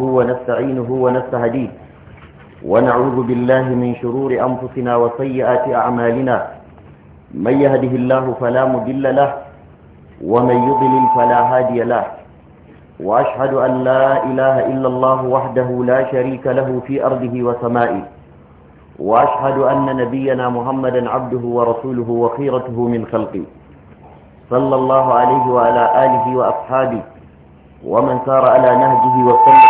نحمده ونستعينه ونستهديه ونعوذ بالله من شرور أنفسنا وسيئات أعمالنا من يهده الله فلا مضل له ومن يضلل فلا هادي له وأشهد أن لا إله إلا الله وحده لا شريك له في أرضه وسمائه وأشهد أن نبينا محمدا عبده ورسوله وخيرته من خلقه صلى الله عليه وعلى آله وأصحابه ومن سار على نهجه وسلم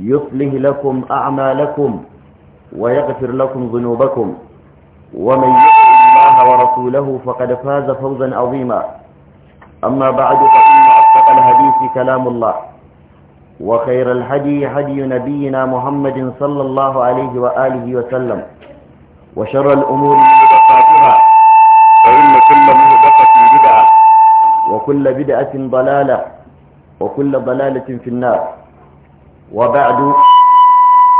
يصلح لكم أعمالكم ويغفر لكم ذنوبكم ومن يؤمن الله ورسوله فقد فاز فوزا عظيما أما بعد فإن أصدق الحديث كلام الله وخير الهدي هدي نبينا محمد صلى الله عليه وآله وسلم وشر الأمور مهدفاتها فإن كل مهدفة بدعة وكل بدعة ضلالة وكل ضلالة في النار وبعد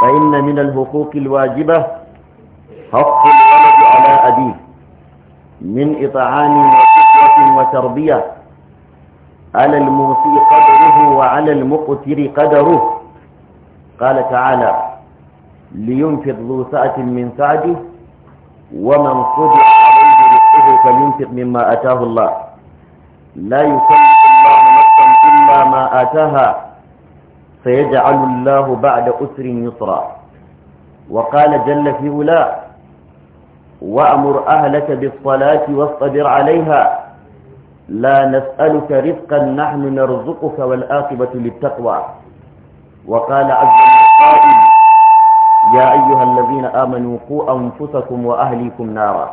فإن من الحقوق الواجبة حق الولد على أبيه من إطعام وفكرة وتربية على الموسي قدره وعلى المقتر قدره قال تعالى لينفق ذو سعة من سعده ومن قدر عليه رزقه فلينفق مما آتاه الله لا يكلف الله نفسا إلا ما آتاها سيجعل الله بعد أسر يسرا وقال جل في أولا وأمر أهلك بالصلاة واصطبر عليها لا نسألك رزقا نحن نرزقك والآقبة للتقوى وقال عز وجل يا أيها الذين آمنوا قوا أنفسكم وأهليكم نارا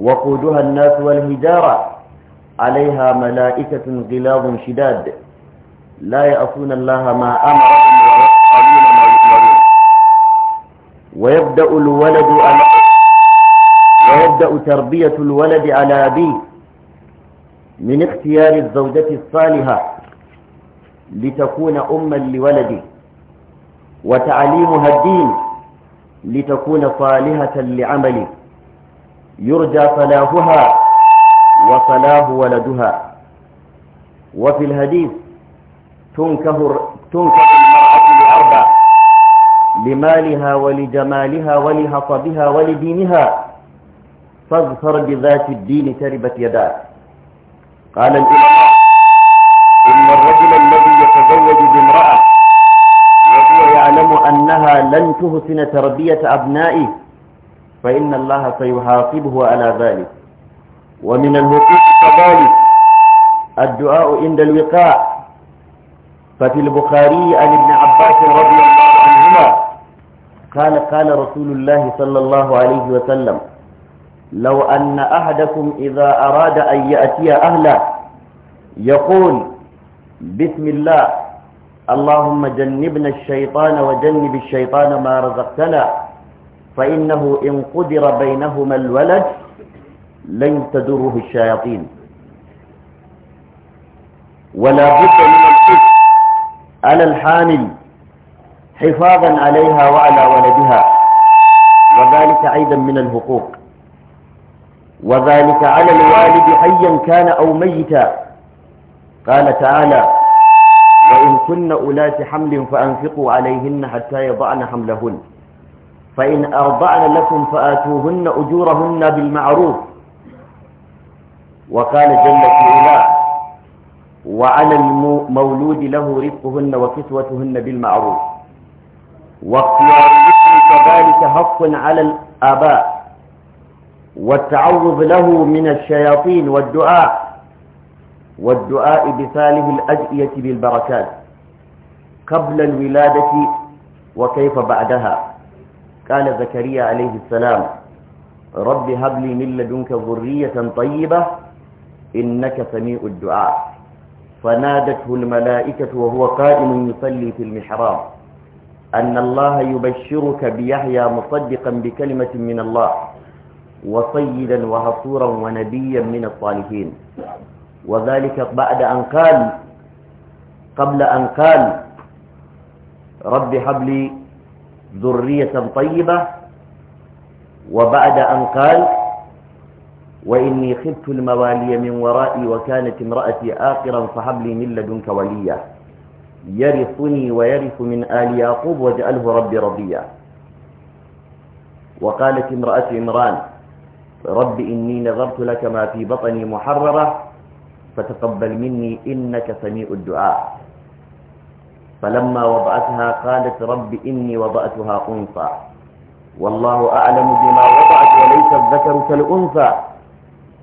وقودها الناس والهجارة عليها ملائكة غلاظ شداد لا يعصون الله ما أمرهم ويفعلون ما يؤمرون ويبدأ الولد على ويبدأ تربية الولد على أبيه من اختيار الزوجة الصالحة لتكون أما لولده وتعليمها الدين لتكون صالحة لعمله يرجى صلاحها وصلاح ولدها وفي الحديث تنكه تنكه المرأة لأربع لمالها ولجمالها ولهصبها ولدينها فاظفر بذات الدين تربت يداك قال العلماء إن الرجل الذي يتزوج بامرأة وهو يعلم أنها لن تحسن تربية أبنائه فإن الله سيحاسبه على ذلك ومن الوقوف كذلك الدعاء عند الوقاء ففي البخاري عن ابن عباس رضي الله عنهما قال قال رسول الله صلى الله عليه وسلم لو أن أحدكم إذا أراد أن يأتي أهله يقول بسم الله اللهم جنبنا الشيطان وجنب الشيطان ما رزقتنا فإنه إن قدر بينهما الولد لن تدره الشياطين ولا بد من على الحامل حفاظا عليها وعلى ولدها وذلك عيدا من الحقوق وذلك على الوالد حيا كان أو ميتا قال تعالى وإن كن أولات حمل فأنفقوا عليهن حتى يضعن حملهن فإن أرضعن لكم فآتوهن أجورهن بالمعروف وقال جل في علاه وعلى المولود له رزقهن وكسوتهن بالمعروف واختيار الاسم كذلك حق على الآباء والتعرض له من الشياطين والدعاء والدعاء بصالح الأجئية بالبركات قبل الولادة وكيف بعدها قال زكريا عليه السلام رب هب لي من لدنك ذرية طيبة إنك سميع الدعاء فنادته الملائكة وهو قائم يصلي في المحراب أن الله يبشرك بيحيى مصدقا بكلمة من الله وصيدا وهصورا ونبيا من الصالحين وذلك بعد أن قال قبل أن قال رب هب لي ذرية طيبة وبعد أن قال وإني خفت الموالي من ورائي وكانت امرأتي آخرا صحب لي من لدنك وليا يرثني ويرث من آل يعقوب واجعله ربي رضيا وقالت امرأة عمران رب إني نظرت لك ما في بطني محررة فتقبل مني إنك سميع الدعاء فلما وضعتها قالت رب إني وضعتها أنثى والله أعلم بما وضعت وليس الذكر كالأنثى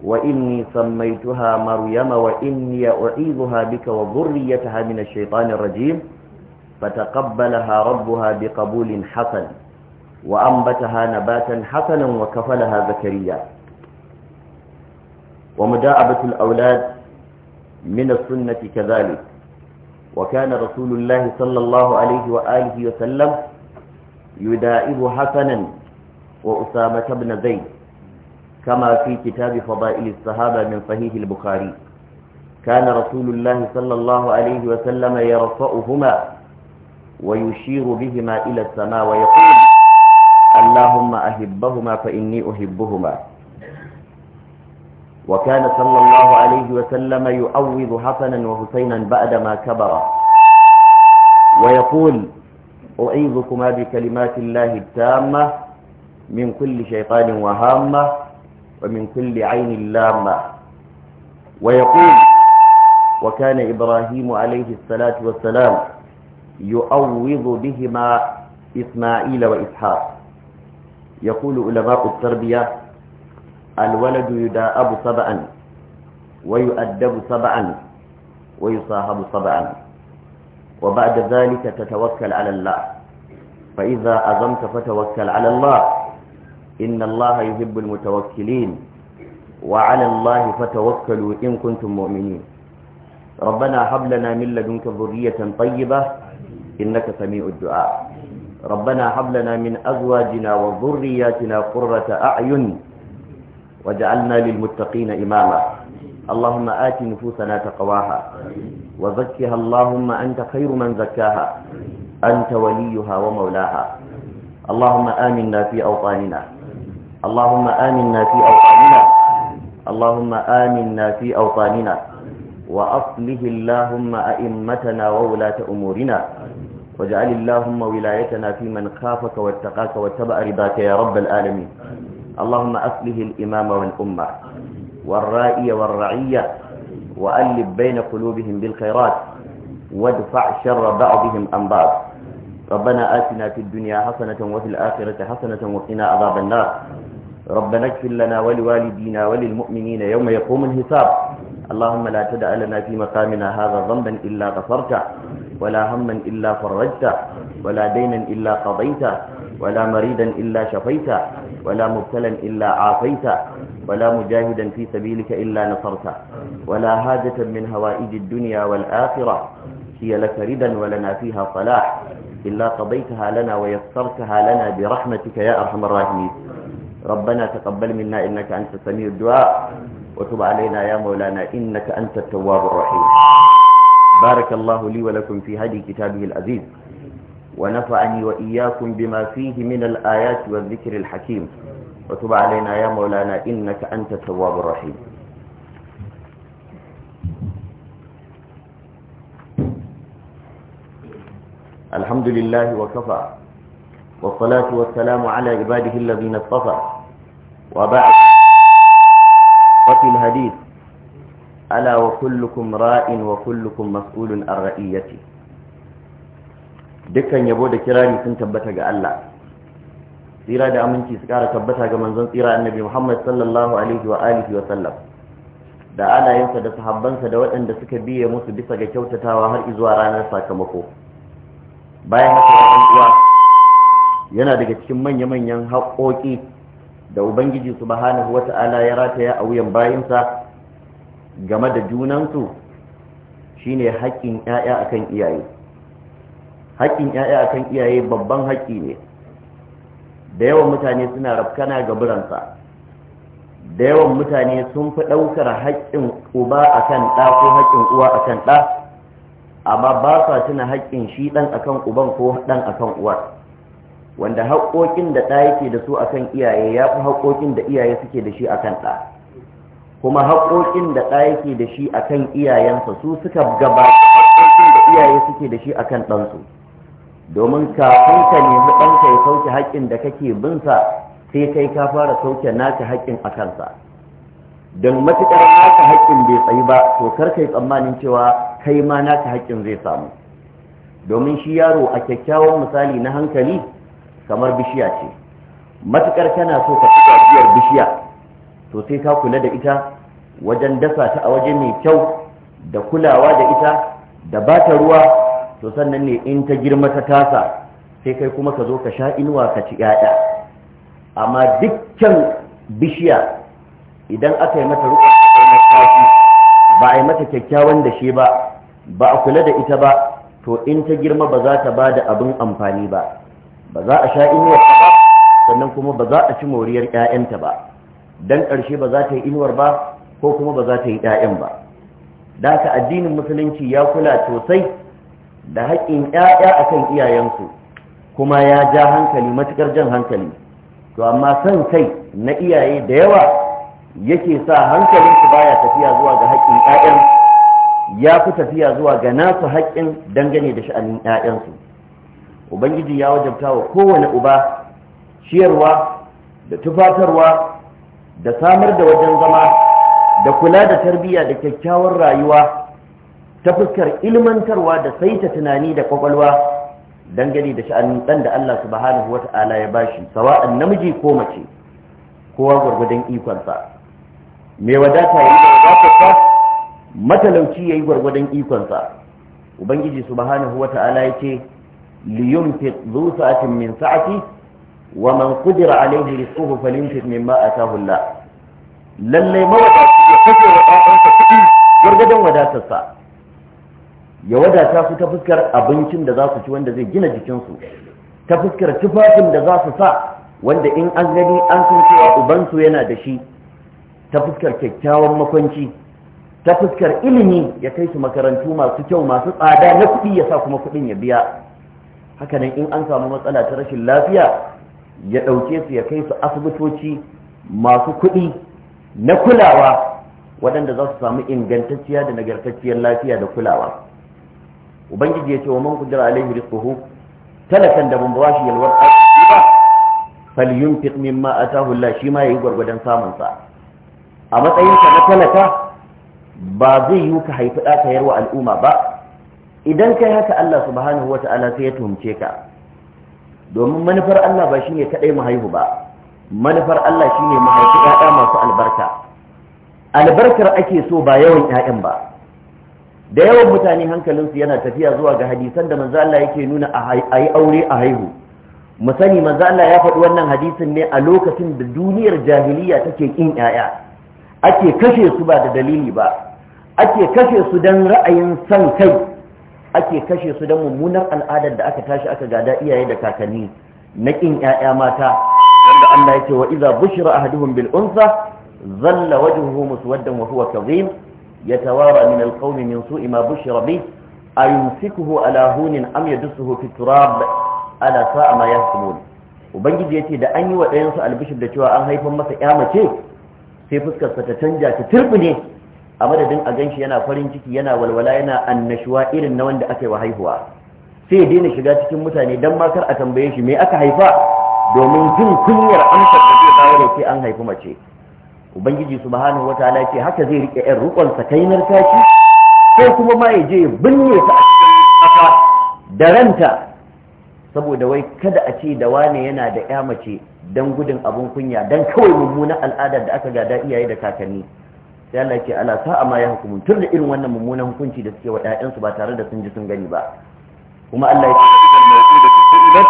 وإني سميتها مريم وإني أعيذها بك وذريتها من الشيطان الرجيم فتقبلها ربها بقبول حسن وأنبتها نباتا حسنا وكفلها زكريا ومداعبة الأولاد من السنة كذلك وكان رسول الله صلى الله عليه وآله وسلم يدائب حسنا وأسامة بن زيد كما في كتاب فضائل الصحابة من صحيح البخاري كان رسول الله صلى الله عليه وسلم يرفعهما ويشير بهما إلى السماء ويقول اللهم أحبهما فإني أحبهما وكان صلى الله عليه وسلم يعوض حسنا وحسينا بعدما كبر ويقول أعيذكما بكلمات الله التامة من كل شيطان وهامه ومن كل عين لامة ويقول وكان إبراهيم عليه الصلاة والسلام يؤوض بهما إسماعيل وإسحاق يقول علماء التربية الولد يداءب سبعا ويؤدب سبعا ويصاحب سبعا وبعد ذلك تتوكل على الله فإذا أظمت فتوكل على الله إن الله يحب المتوكلين وعلى الله فتوكلوا إن كنتم مؤمنين ربنا هب لنا من لدنك ذرية طيبة إنك سميع الدعاء ربنا هب لنا من أزواجنا وذرياتنا قرة أعين وجعلنا للمتقين إماما اللهم آت نفوسنا تقواها وزكها اللهم أنت خير من زكاها أنت وليها ومولاها اللهم آمنا في أوطاننا اللهم آمنا في أوطاننا اللهم آمنا في أوطاننا وأصله اللهم أئمتنا وولاة أمورنا واجعل اللهم ولايتنا في من خافك واتقاك واتبع رضاك يا رب العالمين اللهم أصله الإمام والأمة والرائي والرعية وألب بين قلوبهم بالخيرات وادفع شر بعضهم عن بعض ربنا آتنا في الدنيا حسنة وفي الآخرة حسنة وقنا عذاب النار ربنا اغفر لنا ولوالدينا وللمؤمنين يوم يقوم الحساب اللهم لا تدع لنا في مقامنا هذا ذنبا إلا غفرته ولا هما إلا فرجته ولا دينا إلا قضيته ولا مريدا إلا شفيته ولا مبتلا إلا عافيته ولا مجاهدا في سبيلك إلا نصرته ولا حاجة من هوائج الدنيا والآخرة هي لك ردا ولنا فيها صلاح إلا قضيتها لنا ويسرتها لنا برحمتك يا أرحم الراحمين ربنا تقبل منا إنك أنت سميع الدعاء وتب علينا يا مولانا إنك أنت التواب الرحيم بارك الله لي ولكم في هدي كتابه العزيز ونفعني وإياكم بما فيه من الآيات والذكر الحكيم وتب علينا يا مولانا إنك أنت التواب الرحيم الحمد لله وكفى والصلاة والسلام على عباده الذين اصطفى وبعد وفي الحديث ألا وكلكم راء وكلكم مسؤول عن رئيته dukkan yabo da kirari sun tabbata ga Allah tsira da aminci su kara tabbata ga manzon tsira annabi Muhammad sallallahu alaihi wa alihi wa sallam da alayensa da sahabbansa da waɗanda suka biye musu bisa ga kyautatawa har izuwa ranar sakamako bayan haka ya uwa yana daga cikin manya-manyan haƙoƙi da ubangiji subhanahu wata'ala ya rataya a wuyan bayinsa game da junansu shine haƙƙin ƴaƴa akan iyaye haƙƙin ƴaƴa akan iyaye babban haƙƙi ne da yawan mutane suna rafkana ga biransa da yawan mutane sun fi ɗaukar haƙƙin uba akan ɗa ko haƙƙin uwa akan ɗa amma ba sa tuna haƙƙin shi ɗan akan uban ko ɗan akan uwar wanda haƙoƙin da ɗa yake da su akan iyaye ya fi haƙoƙin da iyaye suke da shi a kan ɗa kuma haƙoƙin da ɗa yake da shi akan iyayensa su suka gabata haƙoƙin da iyaye suke da shi a kan ɗansu domin kafin ka nemi ɗanka ya sauke haƙƙin da kake bin sa, sai kai ka fara sauke naka haƙƙin a kansa don matuƙar naka haƙƙin bai tsayi ba to kar kai tsammanin cewa kai ma naka haƙƙin zai samu domin shi yaro a kyakkyawan misali na hankali kamar bishiya ce matukar tana so ka fita biyar bishiya to sai ka kula da ita wajen dasa ta a waje mai kyau da kulawa da ita da ba ta ruwa to sannan ne in ta girma ta tasa sai kai kuma ka zo ka sha inuwa ka ci 'ya'ya amma dukkan bishiya idan aka yi mata rukun na kashi ba a yi mata kyakkyawan da shi ba ba a kula da ita ba to in ta girma ba za ta ba da abin amfani ba ba za a sha inuwar ba sannan kuma ba za a ci moriyar ƴaƴanta ba dan ƙarshe ba za ta yi inuwar ba ko kuma ba za ta yi ƴaƴan ba da haka addinin musulunci ya kula sosai da haƙƙin ƴaƴa akan iyayensu kuma ya ja hankali matukar jan hankali to amma san kai na iyaye da yawa yake sa hankalinsu baya tafiya zuwa ga haƙƙin ƴaƴan ya fi tafiya zuwa ga nasu haƙƙin dangane da sha'anin ƴaƴansu ubangiji ya wajabta wa kowane uba ciyarwa da tufatarwa da samar da wajen zama da kula da tarbiyya da kyakkyawar rayuwa ta fuskar ilmantarwa da saita tunani da kwakwalwa dangane da sha'anin dan da Allah subhanahu wata'ala ya bashi sawa'an namiji ko mace kowa gwargwadon ikonsa mai wadata ya yi wadatarsa matalauci ya yi gwargwadon ikonsa ubangiji subhanahu wata'ala ya ce لينفق ذو سعة من سعته ومن قدر عليه رزقه فلينفق مما آتاه الله للي موقع يكفي وقاعدة كتي gargadon wadatarsa ya wadata su ta fuskar abincin da za su ci wanda zai gina jikinsu ta fuskar tufafin da za su sa wanda in an gani an san cewa ubansu yana da shi ta fuskar kyakkyawan makwanci ta fuskar ilimi ya kai su makarantu masu kyau masu tsada na kuɗi ya sa kuma kuɗin ya biya Hakanan in an samu matsala ta rashin lafiya ya ɗauke su ya kai su asibitoci masu kuɗi na kulawa waɗanda za su samu ingantacciya da nagartacciyar lafiya da kulawa ubangiji ya ce wa man kudura alaihi rizquhu talakan da ban shi yalwar arziki ba falyunfiq mimma atahu Allah shi ma yayi gwargwadon samun sa a matsayin sa na talaka ba zai yi ka haifi ɗa ka yarwa al'umma ba idan kai haka Allah subhanahu ta'ala sai ya tuhumce ka domin manufar Allah ba shine kadai mu haihu ba manufar Allah shine mu haifi masu albarka albarkar ake so ba yawan 'ya'yan ba da yawan mutane hankalinsu yana tafiya zuwa ga hadisan da manzo Allah yake nuna a yi aure a haihu mu sani manzo Allah ya faɗi wannan hadisin ne a lokacin da duniyar jahiliya take kin yaya ake kashe su ba da dalili ba ake kashe su don ra'ayin son kai ake kashe su don mummunar al'adar da aka tashi aka gada iyaye da kakanni na ƙin 'ya'ya mata wanda Allah ya ce wa iza bushira ahaduhum bil unsa zalla wajhuhu muswaddan wa huwa kadhib yatawara min al qawmi min su'i ma bushira bi ayumsikuhu ala hunin am yadsuhu fi turab ala sa'a ma yahkumun ubangiji yace da an yi wa ɗayan su albishir da cewa an haifar masa ƴa mace sai fuskar sa ta canja ta turbine a madadin a ganshi yana farin ciki yana walwala yana annashuwa irin na wanda aka yi wa haihuwa sai ya daina shiga cikin mutane don ma kar a tambaye shi me aka haifa domin jin kunyar amsar da zai kawo da ke an haifi mace ubangiji subhanahu wata ce haka zai rike yan rukon sa kainar taki ko kuma ma ya je ya binne ta a cikin da ranta saboda wai kada a ce da wane yana da ya mace don gudun abun kunya don kawai mummunan al'adar da aka gada iyaye da kakanni sai Allah yake ala sa'a ma ya hukumun tun da irin wannan mummunan hukunci da suke wa ƴaƴansu ba tare da sun ji sun gani ba kuma Allah ce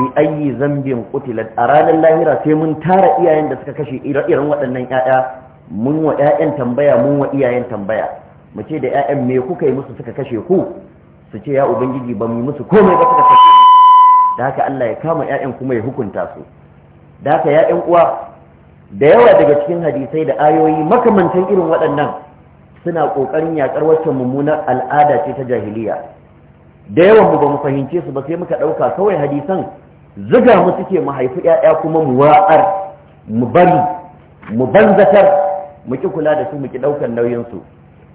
bi ayi zambin qutilat a ranar lahira sai mun tara iyayen da suka kashe irin waɗannan ƴaƴa mun wa ƴaƴan tambaya mun wa iyayen tambaya mu ce da ƴaƴan me kuka yi musu suka kashe ku su ce ya ubangiji ba mu yi musu komai ba suka kashe da haka Allah ya kama ƴaƴan kuma ya hukunta su da haka ya uwa da yawa daga cikin hadisai da ayoyi makamantan irin waɗannan suna ƙoƙarin yaƙar wacce mummunar al'ada ce ta jahiliya da yawan mu ba mu fahimce su ba sai muka ɗauka kawai hadisan zuga mu suke mu haifi ƴaƴa kuma mu wa'ar mu bari mu banzatar mu ki kula da su mu ki ɗaukar nauyin su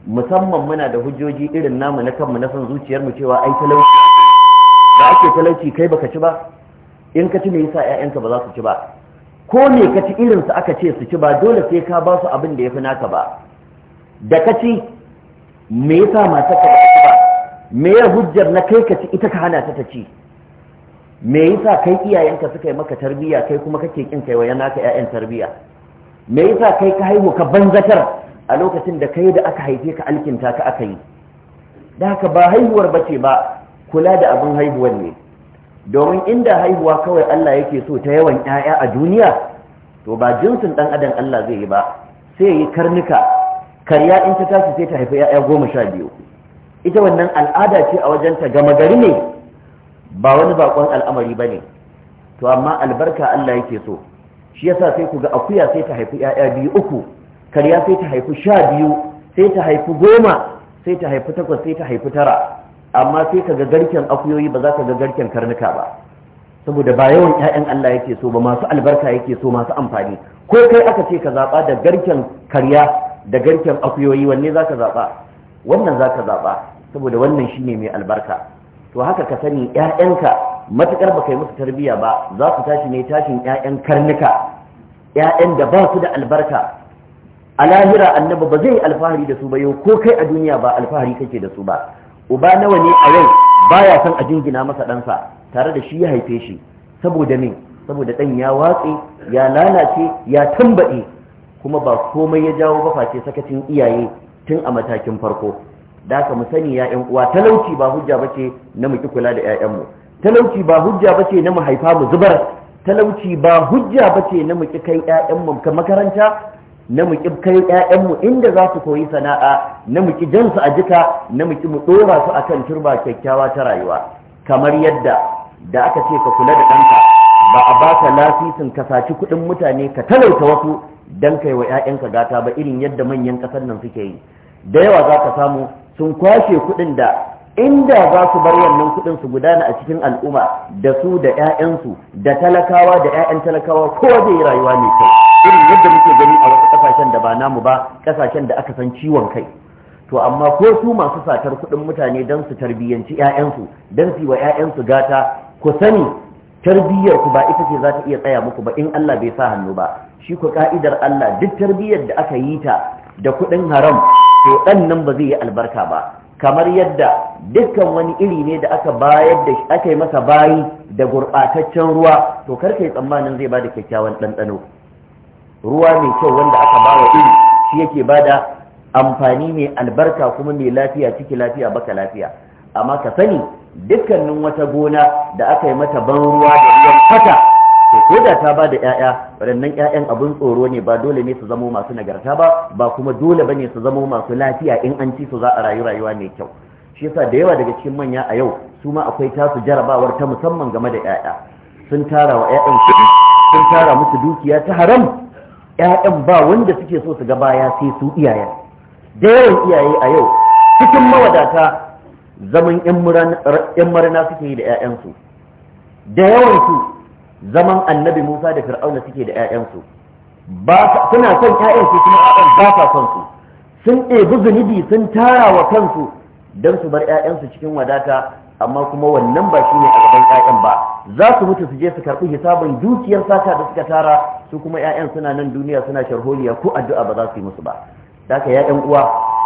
musamman muna da hujjoji irin namu na kanmu na son zuciyar mu cewa ai talauci da ake talauci kai baka ci ba in ka ci me yasa ƴaƴanka ba za su ci ba ko ne ka ci irin su aka ce su ci ba dole sai ka ba su abin da ya fi naka ba da ka ci me ya sa mata ka ci ba me ya hujjar na kai ka ci ita ka hana ta ta ci me ya sa kai iyayenka suka yi maka tarbiyya kai kuma kake kin kai wayan naka ƴaƴan tarbiyya me ya sa kai ka haihu ka banzatar a lokacin da kai da aka haife ka alkinta ka aka yi da haka ba haihuwar bace ba kula da abin haihuwar ne domin inda haihuwa kawai Allah yake so ta yawan ƴaƴa a duniya to ba jinsin ɗan adam Allah zai yi ba sai yi karnuka karya in ta tashi sai ta haifi ƴaƴa goma sha biyu ita wannan al'ada ce a wajen ta gama gari ne ba wani bakon al'amari ba ne to amma albarka Allah yake so shi yasa sai ku ga akuya sai ta haifi ƴaƴa biyu uku karya sai ta haifi sha biyu sai ta haifi goma sai ta haifi takwas sai ta haifi tara amma sai ka ga garken akuyoyi ba za ka ga garken karnuka ba saboda ba yawan 'ya'yan Allah yake so ba masu albarka yake so masu amfani ko kai aka ce ka zaɓa da garken karya da garken akuyoyi wanne za ka zaɓa wannan za ka zaɓa saboda wannan shine mai albarka to haka ka sani 'ya'yanka matukar ba kai musu tarbiyya ba za su tashi ne tashin 'ya'yan karnuka 'ya'yan da ba su da albarka a lahira annabi ba zai alfahari da su ba yau ko kai a duniya ba alfahari kake da su ba uba nawa ne a yau baya son a jingina masa ɗansa tare da shi ya haife shi saboda min saboda ɗan ya watse ya lalace ya tambaɗe kuma ba komai ya jawo ba face sakacin iyaye tun a matakin farko da ka mu sani ya ƴan uwa talauci ba hujja bace na mu ki kula da mu talauci ba hujja bace na mu haifa mu zubar talauci ba hujja bace na mu ki kai mu ka makaranta na mu ƙi kai ƴaƴanmu inda za su koyi sana'a na mu ƙi jansu a jika na mu ƙi mu ɗora su akan turba kyakkyawa ta rayuwa kamar yadda da aka ce ka kula da ɗanka ba a ba ka lasisin ka saci kuɗin mutane ka talauta wasu don kai wa ƴaƴanka gata ba irin yadda manyan ƙasar nan suke yi da yawa za ka samu sun kwashe kuɗin da inda za su bar wannan kuɗin su gudana a cikin al'umma da su da ƴaƴansu da talakawa da ƴaƴan talakawa kowa zai yi rayuwa mai kyau irin yadda muke gani a wasu kasashen da ba namu ba kasashen da aka san ciwon kai to amma ko su masu satar kudin mutane don su tarbiyyanci 'ya'yansu don su yi wa 'ya'yansu gata ku sani tarbiyyar ku ba ita ce za ta iya tsaya muku ba in Allah bai sa hannu ba shi ku ka'idar Allah duk tarbiyyar da aka yi ta da kudin haram to dan nan ba zai yi albarka ba kamar yadda dukkan wani iri ne da aka bayar da aka yi masa bayi da gurɓataccen ruwa to karka yi tsammanin zai ba da kyakkyawan ɗanɗano ruwa mai kyau wanda aka ba wa iri shi yake ba da amfani mai albarka kuma mai lafiya ciki lafiya baka lafiya amma ka sani dukkanin wata gona da aka yi mata ban ruwa da ruwan fata to ko da ta ba da 'ya'ya waɗannan 'ya'yan abin tsoro ne ba dole ne su zamo masu nagarta ba ba kuma dole ba ne su zamo masu lafiya in an ci su za a rayu rayuwa mai kyau shi yasa da yawa daga cikin manya a yau su ma akwai tasu jarabawar ta musamman game da 'ya'ya sun tara wa 'ya'yan sun tara musu dukiya ta haram Ya'yan ba wanda suke so su ga baya sai su iyayen da yawan iyaye a yau cikin mawadata zaman 'yan marina suke yi da 'ya'yansu. da yawansu zaman annabi musa da fir'auna suke da 'ya'yansu. suna son 'ya'yan su kuma ƴaƴan ba son su sun ɗebi zunubi sun tara wa kansu don su bar 'ya'yansu cikin wadata amma kuma wannan ba shine a gaban ƴaƴan ba za su mutu su je su karɓi hisabin dukiyar sata da suka tara su kuma ƴaƴan suna nan duniya suna sharholiya ko addu'a ba za su yi musu ba daka ƴaƴan uwa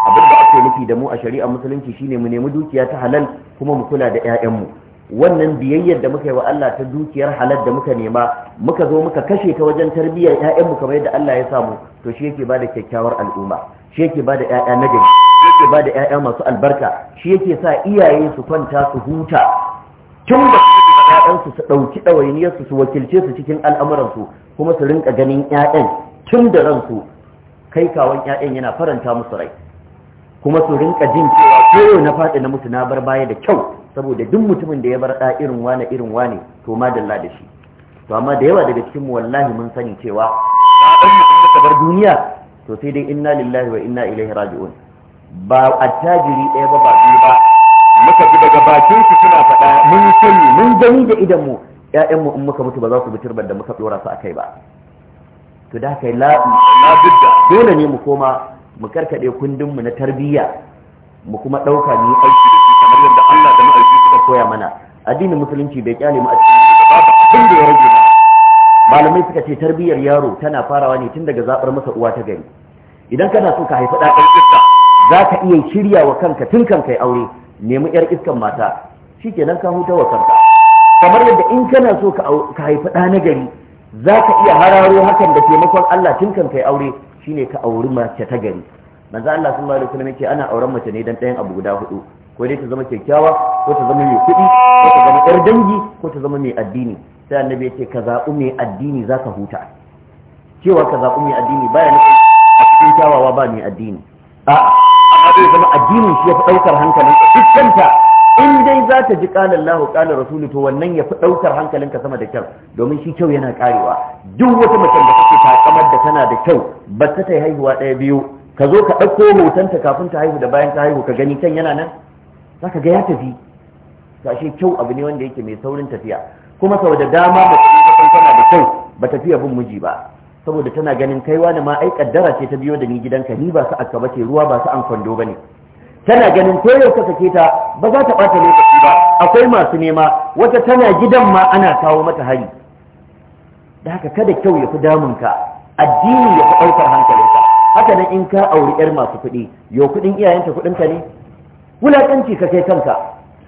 abin da ake nufi da mu a shari'a musulunci shine mu nemi dukiya ta halal kuma mu kula da yayanmu wannan biyayyar da muka yi wa Allah ta dukiyar halal da muka nema muka zo muka kashe ta wajen tarbiyyar yayanmu kamar yadda Allah ya samu to shi yake bada kyakkyawar al'umma shi yake ba da ƴaƴa na gari shi yake da ƴaƴa masu albarka shi yake sa iyaye su kwanta su huta tun da su ƴaƴansu su ɗauki ɗawainiyarsu su wakilce su cikin al'amuransu kuma su rinka ganin ƴaƴan tun da ransu kai kawon ƴaƴan yana faranta musu rai kuma su rinka jin cewa koyo na faɗi na mutu na bar baya da kyau saboda duk mutumin da ya bar ɗa irin wane irin wane to madalla da shi to amma da yawa daga cikin mu wallahi mun sani cewa ɗan mutum da bar duniya to sai dai inna lillahi wa inna ilaihi raji'un ba attajiri ɗaya ba ba biyu ba muka bi daga bakin su suna faɗa mun sani mun gani da idan mu ƴaƴan mu in muka mutu ba za su bi da muka dora su akai ba to da kai la la bidda dole ne mu koma mu karkade kundin mu na tarbiyya mu kuma dauka ni aiki da shi kamar yadda Allah da aiki suka koya mana addinin musulunci bai kyale mu a cikin abin da ya rage malamai suka ce tarbiyyar yaro tana farawa ne tun daga zabar masa uwa ta gari idan kana so ka haifi ɗan iska za ka iya shirya wa kanka tun kan kai aure nemi yar iskan mata shikenan ka huta wa kanka kamar yadda in kana so ka haifi ɗa na gari za ka iya hararo hakan da taimakon Allah tun kan kai aure shine ka auri mace ta gari manzo Allah sun alaihi wasallam yake ana auren mace ne dan ɗayan abu guda hudu ko dai ta zama kyakkyawa ko ta zama mai kuɗi ko ta zama ƴar dangi ko ta zama mai addini sai annabi ya ce ka zaɓi mai addini za ka huta cewa ka zaɓi mai addini baya nufin cikin kyawawa ba mai addini a'a amma zai zama addinin shi ya fi ɗaukar hankalinka dukkanta in dai za ta ji ƙalar lahu ƙalar rasulu to wannan ya fi ɗaukar hankalinka sama da kyau domin shi kyau yana ƙarewa duk wata macen da kake takamar da tana da kyau ba ta ta haihuwa ɗaya biyu ka zo ka ɗauko hotonta kafin ta haihu da bayan ta haihu ka gani kan yana nan za ka ga ya tafi gashi kyau abu ne wanda yake mai saurin tafiya kuma sau da dama mace tana da kyau ba tafiya bin miji ba saboda tana ganin kaiwa da ma ai kaddara ce ta biyo da ni gidanka ni ba su ba ce, ruwa ba su an kwando bane tana ganin ko yau ka sake ta ba za ta bata lokaci ba akwai masu nema wata tana gidan ma ana kawo mata hari da haka kada kyau ya fi damunka addini ya fi ɗaukar hankalinka haka nan in ka auri 'yar masu kuɗi yau kuɗin iyayenta kuɗinka ne wulaƙanci ka kai kanka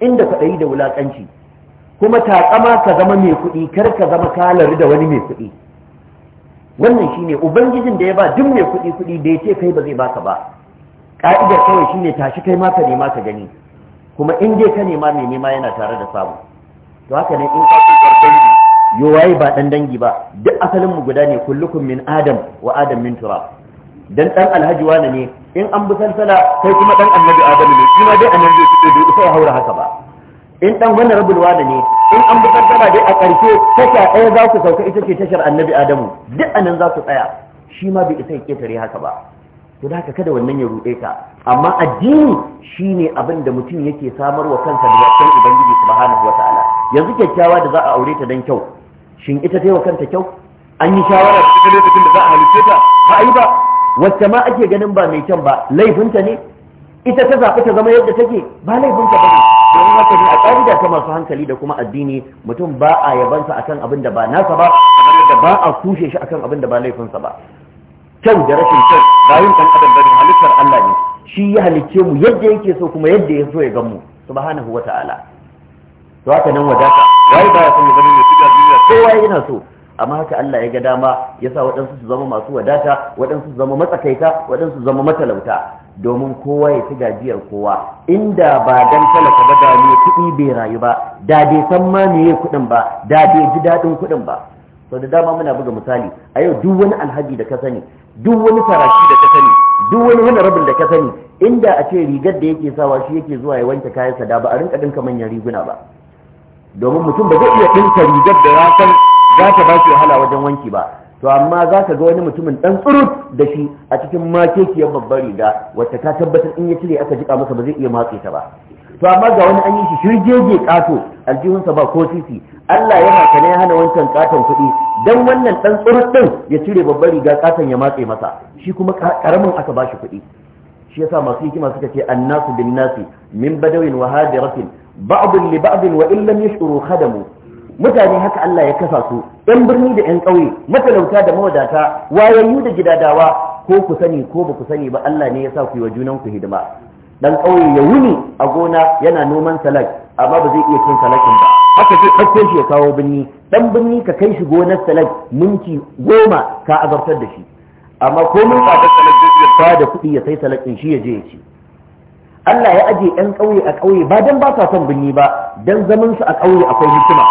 inda ka ɗayi da wulaƙanci kuma taƙama ka zama mai kuɗi kar ka zama kalari da wani mai kuɗi wannan shine ubangijin da ya ba duk mai kuɗi kuɗi da ya ce kai ba zai baka ba ka'idar kawai shine tashi kai ma ka nema ka gani kuma in dai ka nema mai nema yana tare da samu to haka ne in ka ce dangi yo waye ba ɗan dangi ba duk asalinmu guda ne kullukun min adam wa adam min tura dan ɗan alhaji wani ne in an bi salsala kai kuma ɗan annabi adam ne shi ma dai annabi bai fito da haura haka ba in dan wannan rabul wada ne in an buƙar gaba dai a ƙarshe tasha ɗaya za ku sauka ita ce tashar annabi adamu duk anan za su tsaya shi ma bai isa ya ketare haka ba to da haka kada wannan ya ruɗe ka amma addini shine abin da mutum yake samar wa kansa da wasan ubangiji subhanahu wataala yanzu kyakkyawa da za a aure ta dan kyau shin ita ta yi wa kanta kyau an yi shawara ta lokacin da za a halitta ta ba a yi ba wacce ma ake ganin ba mai kyan ba laifinta ne ita ta zaɓi ta zama yadda take ba laifin ta bane domin haka ne a ƙa'ida ta masu hankali da kuma addini mutum ba a yabansa akan abin da ba nasa ba da ba a kushe shi akan abin da ba laifinsa ba kyau da rashin kyau yin ɗan adam bane halittar Allah ne shi ya halicce mu yadda yake so kuma yadda ya so ya gamu mu subhanahu wata'ala to haka nan wadata wai ba ya son ya zama mai duniya kowa yana so amma haka Allah ya ga dama ya sa waɗansu su zama masu wadata waɗansu su zama matsakaita waɗansu su zama matalauta domin kowa ya ci gajiyar kowa inda ba dan talaka ba da ne kuɗi bai rayu ba da bai san ma meye kuɗin ba da bai ji daɗin kuɗin ba sau da dama muna buga misali a yau duk wani alhaji da ka sani duk wani farashi da ka sani duk wani wani rabin da ka sani inda a ce rigar da yake sawa shi yake zuwa ya wanke kayansa da ba a rinka ɗinka manyan riguna ba domin mutum ba zai iya ɗinka rigar da ya san za ta ba shi wahala wajen wanki ba to amma za ka ga wani mutumin dan tsurut da shi a cikin makekiyar babbar riga wacce ta tabbatar in ya cire aka jika masa ba zai iya matse ta ba to amma ga wani an yi shi shirgege kato aljihunsa ba ko sisi Allah yana kane ya hana wancan katon kuɗi dan wannan dan tsurut din ya cire babbar riga katon ya matse masa shi kuma karamin aka ba shi kuɗi shi yasa masu hikima suka ce annasu bin nasi min badawin wa hadiratin ba'd li ba'd wa illam yashuru khadamu mutane haka Allah ya kasa su ɗan birni da ɗan ƙauye matalauta da mawadata wayayyu da gidadawa ko ku sani ko ba ku sani ba Allah ne ya sa ku yi wa junan ku hidima ɗan ƙauye ya wuni a gona yana noman salak amma ba zai iya cin salakin ba haka zai ɗauko shi ya kawo birni ɗan birni ka kai shi gonar salak minti goma ka azabtar da shi amma ko mun tsada salak zai iya ba da kuɗi ya sai salakin shi ya je ya ci Allah ya ajiye 'yan ƙauye a ƙauye ba don ba sa son birni ba don zaman su a ƙauye akwai hikima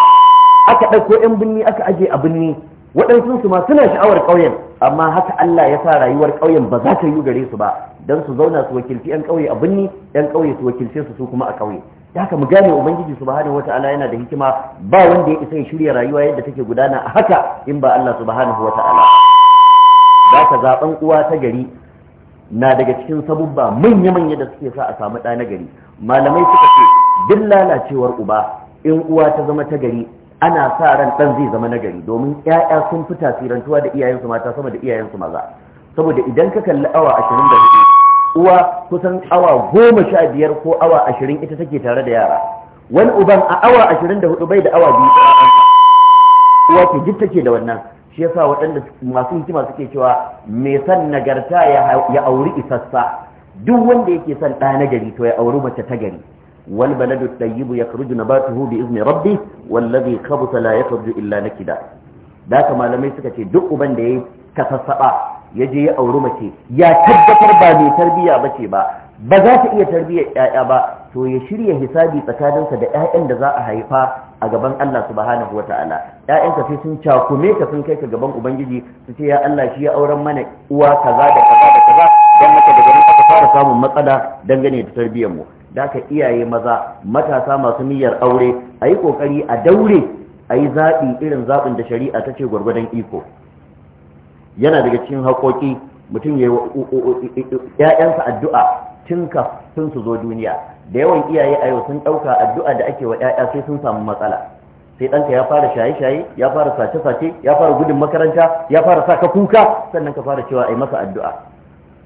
aka ɗauko 'yan binni aka aje a binni waɗansu su ma suna sha'awar ƙauyen amma haka Allah ya sa rayuwar ƙauyen ba za ta yi gare su ba don su zauna su wakilci 'yan ƙauye a binni 'yan ƙauye su wakilce su su kuma a ƙauye da haka mu gane ubangiji subhanahu wata'ala yana da hikima ba wanda ya isa ya shirya rayuwa yadda take gudana a haka in ba Allah subhanahu wata'ala za ka zaɓen uwa ta gari na daga cikin sabubba manya-manya da suke sa a samu ɗa na gari malamai suka ce duk lalacewar uba in uwa ta zama ta gari ana sa ran ɗan zai zama nagari domin ƴaƴa sun fi tasirantuwa da iyayensu mata sama da iyayensu maza saboda idan ka kalli awa ashirin da hudu uwa kusan awa goma sha biyar ko awa ashirin ita take tare da yara wani uban a awa ashirin da hudu bai da awa biyu uwa ke jib take da wannan shi yasa waɗanda masu hikima suke cewa mai son nagarta ya auri isassa duk wanda yake son ɗa nagari to ya auri mace ta gari والبلد الطيب يخرج نباته بإذن ربه والذي خبث لا يخرج إلا نكدا da kama malamai suka ce duk uban da ya kasassaɓa ya je ya auri mace ya tabbatar ba mai tarbiyya ba ce ba ba za ta iya tarbiyyar ƴaƴa ba to ya shirya hisabi tsakaninsa da ƴaƴan da za a haifa a gaban Allah subhanahu wata'ala ƴaƴanka sai sun cakume ka sun kai ka gaban ubangiji su ce ya Allah shi ya auren mana uwa kaza da kaza da kaza don mace daga nan aka fara samun matsala dangane da tarbiyyar mu daka iyaye maza matasa masu niyyar aure a yi kokari a daure a yi zaɓi irin zaɓin da shari'a ta ce gwargwadon iko yana daga cikin haƙoƙi mutum ya ‘ya'yansa addu'a tun kafin su zo duniya da yawan iyaye a yau sun ɗauka addu'a da ake wa ‘ya'ya sai sun samu matsala sai ɗanka ya fara shaye-shaye ya fara sace-sace ya fara gudun makaranta ya fara sa ka kuka sannan ka fara cewa a yi masa addu'a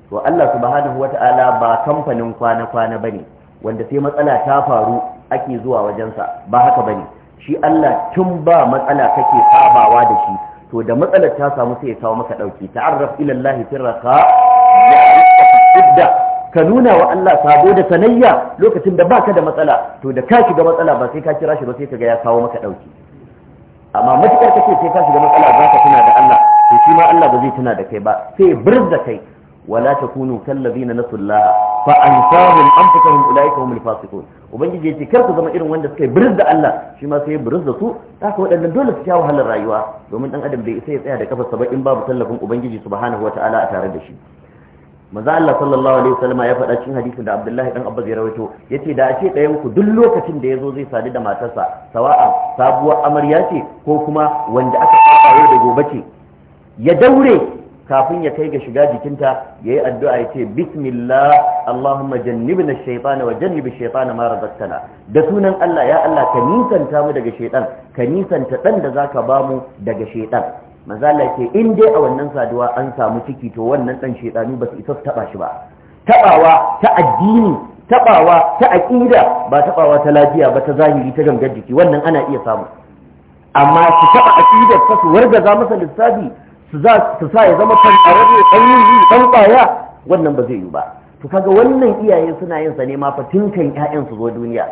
to Allah subhanahu wata'ala ba kamfanin kwana-kwana ba ne. wanda sai matsala ta faru ake zuwa wajensa ba haka bane shi Allah tun ba matsala kake sabawa da shi to da matsalar ta samu sai ya kawo maka dauki ta'arraf ila Allah fi raqa ka nuna wa Allah sabo da sanayya lokacin da baka da matsala to da ka shiga matsala ba sai ka kira shi ba sai kaga ya kawo maka dauki amma matukar kake sai ka shiga matsala za ka tuna da Allah to shi ma Allah ba zai tuna da kai ba sai birza kai wala takunu kallazina nasullaha fa ansahum anfusahum ulaika humul fasiqun ubangiji yace kar ku zama irin wanda suka yi birz da Allah shi ma sai ya birz da su ka waɗannan dole su sha wahalar rayuwa domin dan adam bai isa ya tsaya da kafarsa ba in babu tallafin ubangiji subhanahu wataala a tare da shi manzo Allah sallallahu alaihi wasallam ya faɗa cikin hadisin da Abdullahi dan Abbas ya rawaito yace da a ce ɗayan ku duk lokacin da yazo zai sadu da matarsa sawa'a sabuwar amarya ce ko kuma wanda aka saba yau da gobe ce ya daure kafin ya kai ga shiga jikinta yayi addu'a ce, bismillah allahumma jannibi na, shaytana wa jannib ash mara ma da sunan Allah ya Allah ka nisanta mu daga shaytan ka nisanta dan da zaka bamu daga shaytan manzo ce, in dai a wannan saduwa an samu ciki to wannan dan shaytanu ba su isa su taba shi ba tabawa ta addini tabawa ta aqida ba tabawa ta lafiya ba ta zahiri ta gangar jiki wannan ana iya samu amma su taba aqidar ta su za masa lissafi su sa ya zama kankararre ɗan yi ɗan ƙwaya wannan ba zai yi ba to kaga wannan iyaye suna yin sa ne ma fatin kan ƴaƴan su zo duniya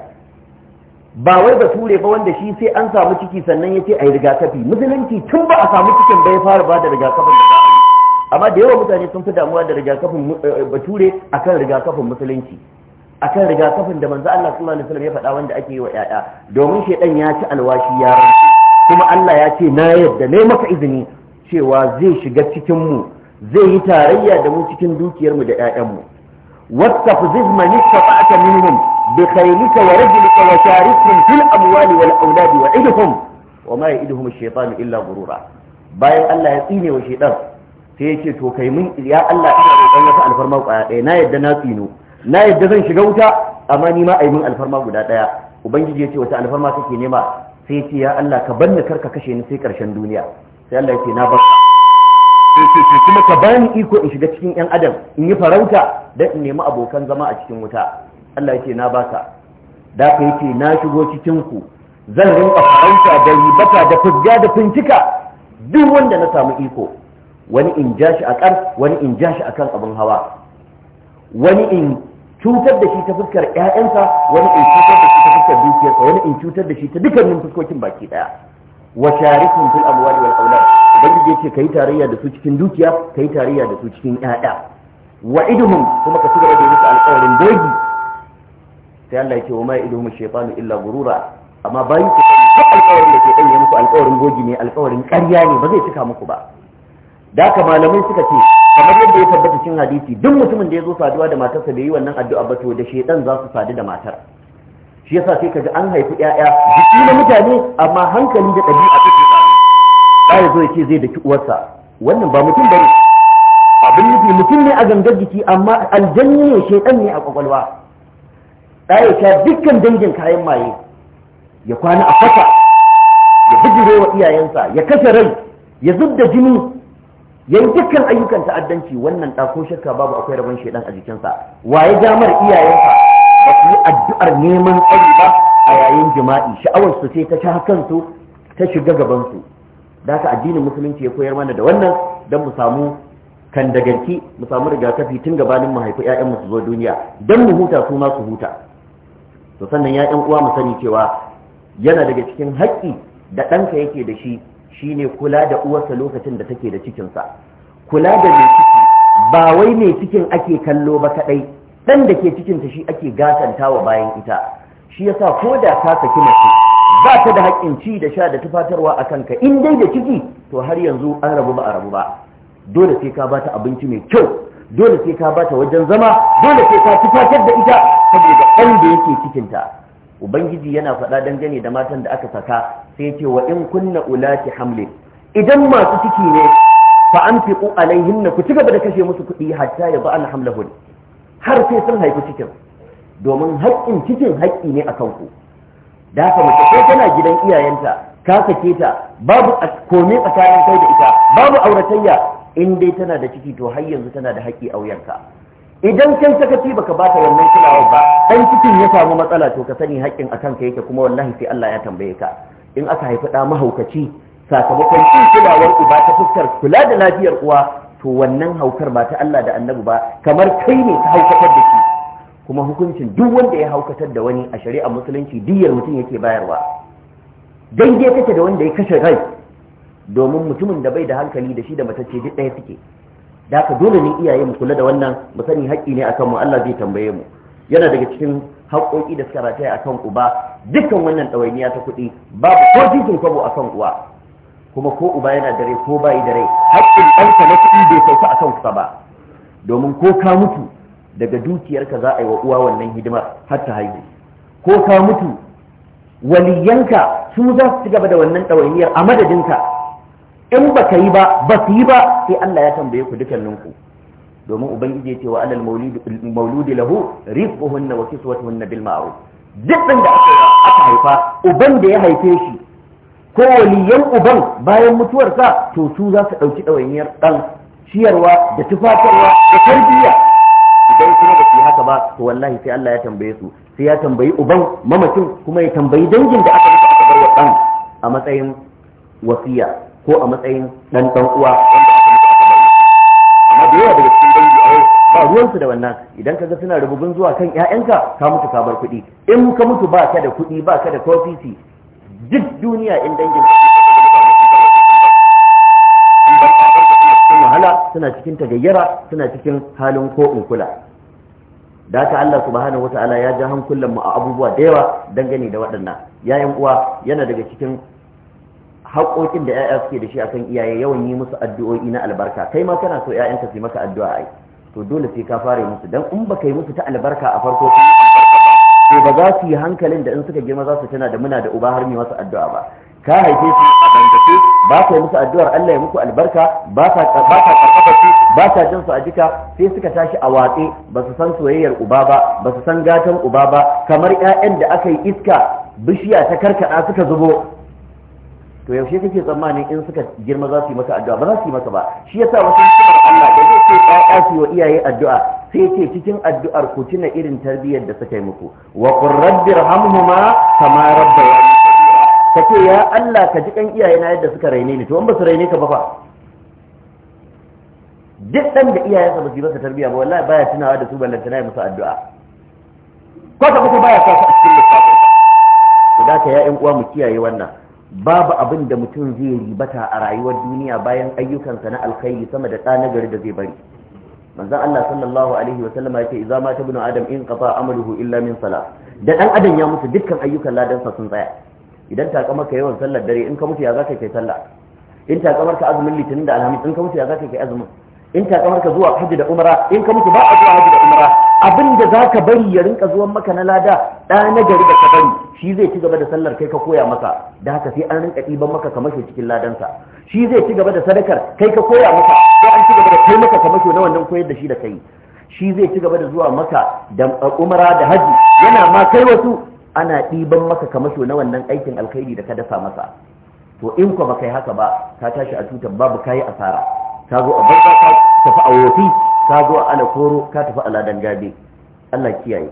ba wai ba ture ba wanda shi sai an samu ciki sannan ya ce a yi rigakafi musulunci tun ba a samu cikin bai fara ba da rigakafin da za amma da yawa mutane sun fi damuwa da rigakafin eh, bature akan rigakafin musulunci akan rigakafin da manzo Allah sallallahu alaihi wasallam ya faɗa wanda ake yi wa ƴaƴa domin shedan ya ci alwashi yaran kuma Allah ya ce na yadda ne maka izini cewa zai shiga cikin mu zai yi tarayya da mu cikin dukiyar mu da ƴaƴan mu wastafiz man istata'ta minhum bi khaylika wa rajlika wa sharikhum fil amwali wal auladi wa idhum wa ma ya'iduhum ash-shaytanu illa ghurura bayan Allah ya tsine wa shaytan sai yake to kai mun ya Allah ina roƙon wata alfarma kwaya ɗaya na yadda na tsino na yadda zan shiga wuta amma ni ma a yi min alfarma guda ɗaya ubangiji ya ce wata alfarma kake nema sai ce ya Allah ka banni karka kashe ni sai ƙarshen duniya sai Allah yake na baka kuma ka bani iko in shiga cikin yan adam in yi farauta don in nemi abokan zama a cikin wuta Allah yake na baka da ka yake na shigo cikin ku zan rinka farauta da ribata da fuzga da fincika duk wanda na samu iko wani in ja shi a kan wani in ja shi akan abin hawa wani in cutar da shi ta fuskar ƴaƴansa wani in cutar da shi ta fuskar dukiyarsa wani in cutar da shi ta dukkanin fuskokin baki daya wa sharikin fil amwali wal aulad ubangiji yace kai tarayya da su cikin dukiya kai tarayya da su cikin ƴaƴa wa iduhum kuma ka cigaba da musu alƙawarin dogi sai Allah yake wa ma iduhum shaytanu illa gurura amma bayan ku san alƙawarin da ke dan ya muku alƙawarin gogi ne alƙawarin ƙarya ne ba zai cika muku ba da ka malamai suka ce kamar yadda ya tabbata cikin hadisi duk mutumin da ya zo saduwa da matarsa bai yi wannan addu'a ba to da shaytan za su sadu da matar shi yasa sai kaji an haifi ƴaƴa jiki na mutane amma hankali da ɗabi'a ta ke ba ya zo ya ce zai daki uwarsa wannan ba mutum bane abin nufi mutum ne a gangar jiki amma aljanni ne shaitan ne a kwakwalwa ya sha dukkan dangin kayan maye ya kwana a fasa ya bijire wa iyayensa ya kashe rai ya zubda jini ya yi dukkan ayyukan ta'addanci wannan ko shakka babu akwai rabon shaidan a jikinsa Wa waye damar iyayensa yi addu'ar neman tsari ba a yayin jima'i sha'awar su sai ta ci kansu ta shiga gaban su da haka addinin musulunci ya koyar mana da wannan don mu samu kan daganci mu samu rigakafi tun gabanin mu haifi ƴaƴan mu su zo duniya don mu huta su ma su huta to sannan ƴaƴan uwa mu sani cewa yana daga cikin haƙƙi da ɗanka yake da shi shine kula da uwarsa lokacin da take da cikinsa kula da mai ciki ba wai mai cikin ake kallo ba kaɗai dan da ke cikin ta shi ake gatantawa bayan ita shi yasa ko da ta saki mace ba ta da haƙƙin ci da sha da tufatarwa a kanka in dai da ciki to har yanzu an rabu ba a rabu ba dole sai ka bata abinci mai kyau dole sai ka bata wajen zama dole sai ka tufatar da ita saboda ɗan da yake cikin ta ubangiji yana faɗa dangane da matan da aka saka sai ce wa in kunna ulati hamlin idan masu ciki ne fa an anfiqu alaihinna ku ci gaba da kashe musu kuɗi hatta ya ba hamlahun har sai sun haifi cikin domin haƙƙin cikin haƙƙi ne a kanku da haka mace ko tana gidan iyayenta ka sake ta babu kome tsakanin kai da ita babu auratayya in dai tana da ciki to har yanzu tana da haƙƙi a wuyanka idan kai sakaci baka ba ta wannan kulawa ba dan cikin ya samu matsala to ka sani haƙƙin a kanka yake kuma wallahi sai Allah ya tambaye ka in aka haifi ɗa mahaukaci sakamakon cin kulawar uba ta fuskar kula da lafiyar uwa to wannan haukar ba ta Allah da annabi ba kamar kai ne ka haukatar da shi kuma hukuncin duk wanda ya haukatar da wani a shari'ar musulunci diyar mutum yake bayarwa daidai take da wanda ya kashe rai domin mutumin da bai da hankali da shi da matacce duk ɗaya suke da haka dole ne iyaye mu kula da wannan mu sani haƙƙi ne akan mu Allah zai tambaye mu yana daga cikin haƙƙoƙi da suka rataya akan uba dukkan wannan ɗawainiya ta kuɗi babu ko jikin kwabo akan uwa kuma ko uba yana da rai ko bai da rai haƙƙin ɗanka na kuɗi bai sauka a kansa ba domin ko ka mutu daga dukiyarka za a yi wa uwa wannan hidimar har ta haihu ko ka mutu waliyanka su za su ci gaba da wannan ɗawainiyar a madadinka in ba ka yi ba ba su yi ba sai Allah ya tambaye ku dukkaninku domin ubangiji ya ce wa alal mauludi lahu rizquhunna wa kiswatuhunna bil ma'ruf duk da aka haifa uban da ya haife shi ko waliyan uban bayan mutuwarsa to su za su ɗauki ɗawainiyar ɗan ciyarwa da tufatarwa da tarbiyya idan kuma ba su yi haka ba to wallahi sai Allah ya tambaye su sai ya tambayi uban mamacin kuma ya tambayi dangin da aka mutu aka bar ɗan a matsayin wasiya ko a matsayin ɗan ɗan uwa wanda aka mutu aka bar amma da yawa daga cikin dangi a yau ba ruwansu da wannan idan ka ga suna rububin zuwa kan 'ya'yanka ka mutu ka bar kuɗi in ka mutu ba ka da kuɗi ba ka da kofisi duk duniya in dangin wahala suna cikin tagayyara suna cikin halin ko in kula da ka Allah subhanahu wata'ala ya ja hankulan mu a abubuwa da yawa dangane da waɗannan Ya'yan uwa yana daga cikin haƙoƙin da 'ya'ya suke da shi akan iyaye yawan yi musu addu'o'i na albarka kai ma kana so ƴaƴanka su yi maka addu'a ai to dole sai ka fara musu dan in baka yi musu ta albarka a farko sai sai ba za su yi hankalin da in suka girma za su tana da muna da uba har mai wasu addu'a ba ka haife su a dangace ba ka yi musu addu'ar Allah ya muku albarka ba ka karfafa su ba jin su a jika sai suka tashi a watsi ba su san soyayyar uba ba ba su san gatan uba ba kamar 'ya'yan da aka yi iska bishiya ta karkada suka zubo to yaushe kake tsammanin in suka girma za su yi masa addu'a ba za su yi masa ba shi yasa wasu sunan Allah da zai ce ƴaƴa su wa iyaye addu'a sai ce cikin addu'ar ku tuna irin tarbiyyar da suka yi muku wa qur rabbir hamhuma kama rabbayani kace ya Allah ka ji kan iyayena yadda suka raine ni to an ba su raine ka ba fa duk ɗan da iyayensa ba su yi masa tarbiyya ba wallahi baya tunawa da su ballanta na yi musu addu'a kwata kwata baya sa su a cikin lissafin ka ya ƴan uwa mu kiyaye wannan babu abin da mutum zai ribata a rayuwar duniya bayan ayyukansa na alkhairi sama da ɗa nagari da zai bari manzon Allah sallallahu alaihi wa sallama yace idza mata ibnu adam in qata amaluhu illa min salah da dan adam ya mutu dukkan ayyukan Ladan sa sun tsaya idan takamar ka yawan sallar dare in ka mutu ya zaka kai sallah in kamar ka azumin litinin da alhamis in ka mutu ya zaka kai azumin in ta kamar ka zuwa hajji da umara in ka mutu ba a zuwa haji da umara abin da za ka bari ya rinka zuwan maka na lada ɗa na gari da ka bari shi zai ci gaba da sallar kai ka koya masa da haka sai an rinka ɗiban maka ka mashi cikin ladansa shi zai ci gaba da sadakar kai ka koya masa ko an ci gaba da kai maka ka mashi na wannan koyar da shi da kai shi zai ci gaba da zuwa maka da uh, umara da hajji yana ma kai wasu ana ɗiban maka ka mashi na wannan aikin alkhairi da ka dasa masa to in ko ba kai haka ba ka tashi a tutar babu kayi asara ka zo a banza ka tafi a wofi ka zo a ala koro ka tafi a ladan gabe Allah kiyaye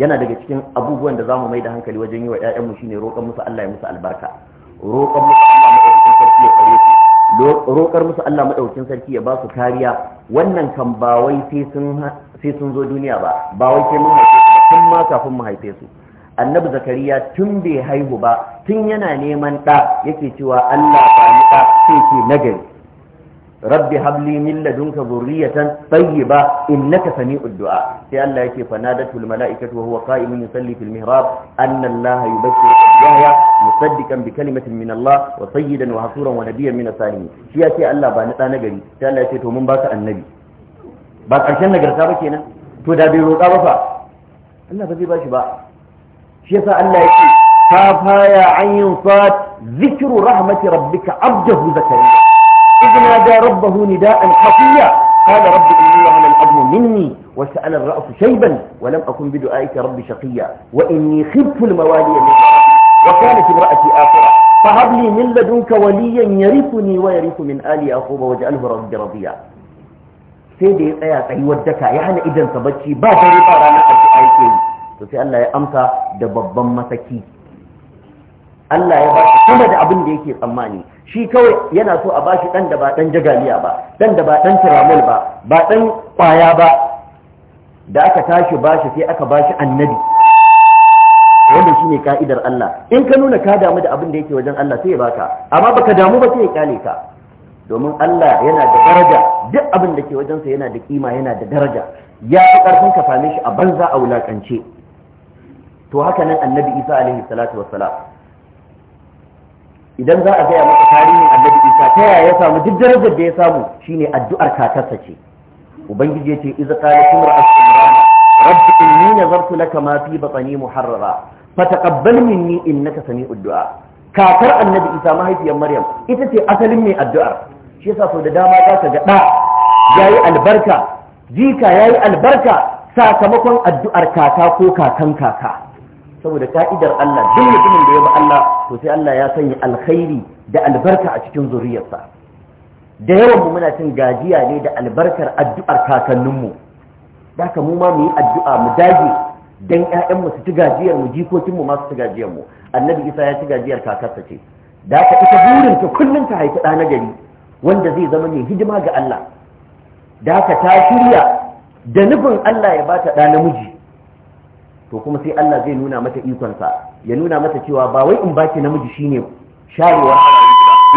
yana daga cikin abubuwan da za mu mai da hankali wajen yi wa 'ya'yanmu shine roƙon musu Allah ya musu albarka roƙon musu Allah maɗaukin sarki ya tsare su roƙar musu Allah maɗaukakin sarki ya ba su kariya wannan kan ba wai sai sun zo duniya ba ba wai sai mun haife su tun ma kafin mu haife su annabi zakariya tun bai haihu ba tun yana neman ɗa yake cewa Allah ba ni ɗa sai ke nagari rabbi habli min ladunka zurriyatan tayyiba innaka sami'ud du'a sai Allah yake fanadatu al mala'ikatu wa huwa qa'imun yusalli fil mihrab anna Allah yubashshiruka yahya musaddiqan bi kalimatin min Allah wa sayyidan wa hasuran wa nabiyyan min as-salihin shi yace Allah ba ni da nagari sai Allah yace to mun baka annabi ba karshen nagarta ba kenan to da bai roƙa ba fa Allah ba zai bashi ba shi yasa Allah yake fa fa ya ayyin sad zikru rahmati rabbika abdahu zakariya إذ نادى ربه نداء خفيا قال رب إني وهن العظم مني وسأل الرأس شيبا ولم أكن بدعائك رب شقيا وإني خبت الموالي من وكانت امرأتي آخرة فهب لي من لدنك وليا يرثني ويرث من آل أخوب واجعله رب رضيا سيدي يا أي ودك يعني إذا تبكي باهري طارانا أجعيك تسي الله يا أمسى دبب مسكي الله يبارك سمد أبن ديكي أماني shi kawai yana so a bashi dan da ba dan jagaliya ba dan da ba dan tiramul ba ba dan kwaya ba da aka tashi bashi sai aka bashi annabi wanda shine ka'idar Allah in ka nuna ka damu da abin da yake wajen Allah sai ya baka amma baka damu ba sai ya kyale ka domin Allah yana da daraja duk abin da ke wajensa yana da kima yana da daraja ya fi karfin ka same shi a banza a wulakance to haka nan annabi Isa alaihi salatu wassalam idan za a gaya maka tarihin annabi isa ta yaya ya samu duk darajar da ya samu shine addu'ar kakarsa ce ubangiji ya ce iza qala kumra as-samrana rabbi inni nazartu laka ma fi batni muharrara fataqabbal minni innaka sami'ud du'a kakar annabi isa mahaifiyar maryam ita ce asalin mai addu'ar shi yasa sau da dama za ka ga da yayi albarka jika yayi albarka sakamakon addu'ar kaka ko kakan kaka saboda ka'idar Allah duk mutumin da ya bi Allah to sai Allah ya sanya alkhairi da albarka a cikin zuriyarsa da yawan mu muna cin gajiya ne da albarkar addu'ar kakanninmu da ka mu ma mu yi addu'a mu dage dan mu su ci gajiyar mu jikokin mu ma su ci gajiyar mu annabi Isa ya ci gajiyar kakarsa ce da ka ita burin ta kullun ta haifi ɗa na gari wanda zai zama mai hidima ga Allah da ka ta shirya da nufin Allah ya bata ɗa namiji to kuma sai Allah zai nuna mata ikonsa ya nuna mata cewa ba wai in baki namiji shine sharewa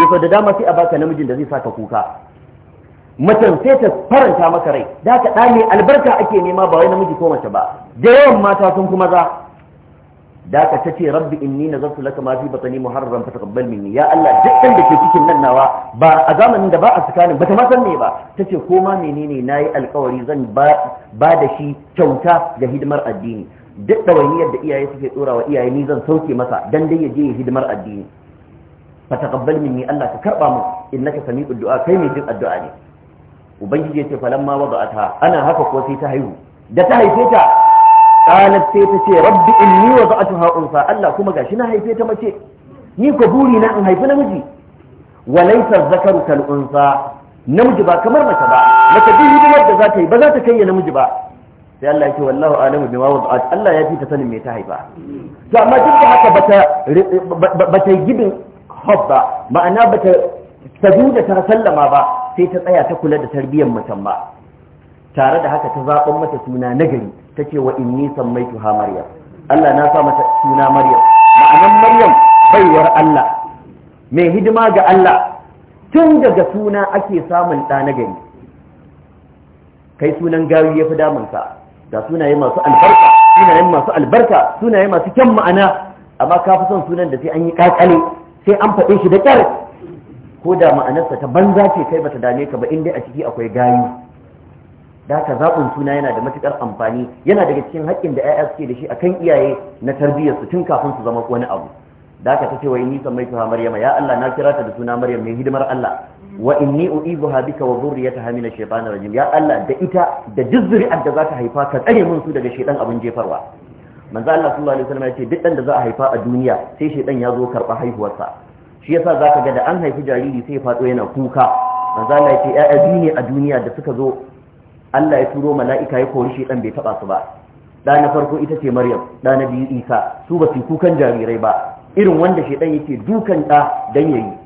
ko da dama sai a baka namijin da zai saka kuka macen sai ta faranta maka rai da haka da ne albarka ake nema ba wai namiji ko mace ba da yawan mata sun kuma za da ka tace rabbi inni nazartu laka ma fi batni muharram fataqabbal minni ya Allah dukkan da ke cikin nan nawa ba a zamanin da ba a tsakanin bata ma san me ba tace ko ma menene nayi alkawari zan ba da shi kyauta ga hidimar addini duk ɗawainiyar da iyaye suke tsora wa iyaye ni zan sauke masa dan dai ya je ya hidimar addini fa taqabbal minni Allah ka karba mu innaka sami'ud du'a kai mai jin addu'a ne ubangiji yace falamma wada'ata ana haka ko sai ta haihu da ta haife ta qalat sai ta ce rabbi inni wada'atuha unsa Allah kuma gashi na haife ta mace ni ko buri na in haifi namiji Walaisar zakaru kal unsa namiji ba kamar mace ba mace duk hidimar da za ta yi ba za ta kai ya namiji ba sai Allah yake wallahu alamu bima wad'at Allah ya fi ta sanin me ta haifa to amma duk da haka bata bata gibin hobba ma'ana bata sadu ta sallama ba sai ta tsaya ta kula da tarbiyyar musamman tare da haka ta zaɓan mata suna nagari ta ce wa inni sammaitu ha maryam Allah na sa mata suna maryam ma'anan maryam baiwar Allah mai hidima ga Allah tun daga suna ake samun ɗa nagari kai sunan gawi ya fi damunsa da sunaye masu albarka sunaye masu albarka sunaye masu kyan ma'ana amma ka fi son sunan da sai an yi kakale sai an faɗe shi da kyar ko da ma'anarsa ta banza ce kai bata dame ka ba in dai a ciki akwai gayu da ka zaɓin suna yana da matuƙar amfani yana daga cikin haƙƙin da 'ya'ya suke da shi akan iyaye na tarbiyyar su tun kafin su zama wani abu da ka ta ce Wai ni san mai tuha maryama ya Allah na kira ta da suna maryam mai hidimar Allah wa inni u'ibuha bika wa dhurriyataha min ash-shaytanir rajim ya Allah da ita da duk zuri'ar da za ta haifa ka tsare mun su daga shaytan abin jefarwa manzo Allah sallallahu alaihi wasallam ya ce duk dan da za a haifa a duniya sai shaytan ya zo karba haihuwarsa shi yasa zaka ga da an haifi jariri sai ya fado yana kuka manzo Allah ya ce ya abi ne a duniya da suka zo Allah ya turo mala'ika ya kori shaytan bai taba su ba da na farko ita ce Maryam da na biyu Isa su ba su kukan jarirai ba irin wanda shaytan yake dukan da dan yayi